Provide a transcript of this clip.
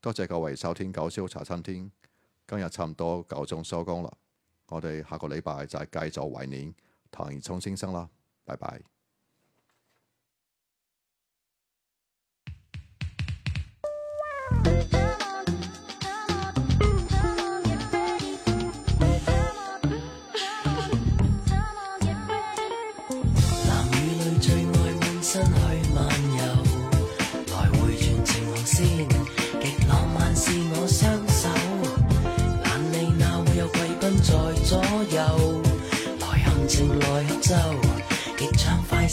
多謝各位收聽搞笑天九霄茶餐廳，今日差唔多九鐘收工啦，我哋下個禮拜就係繼續懷念唐奕聰先生啦，拜拜。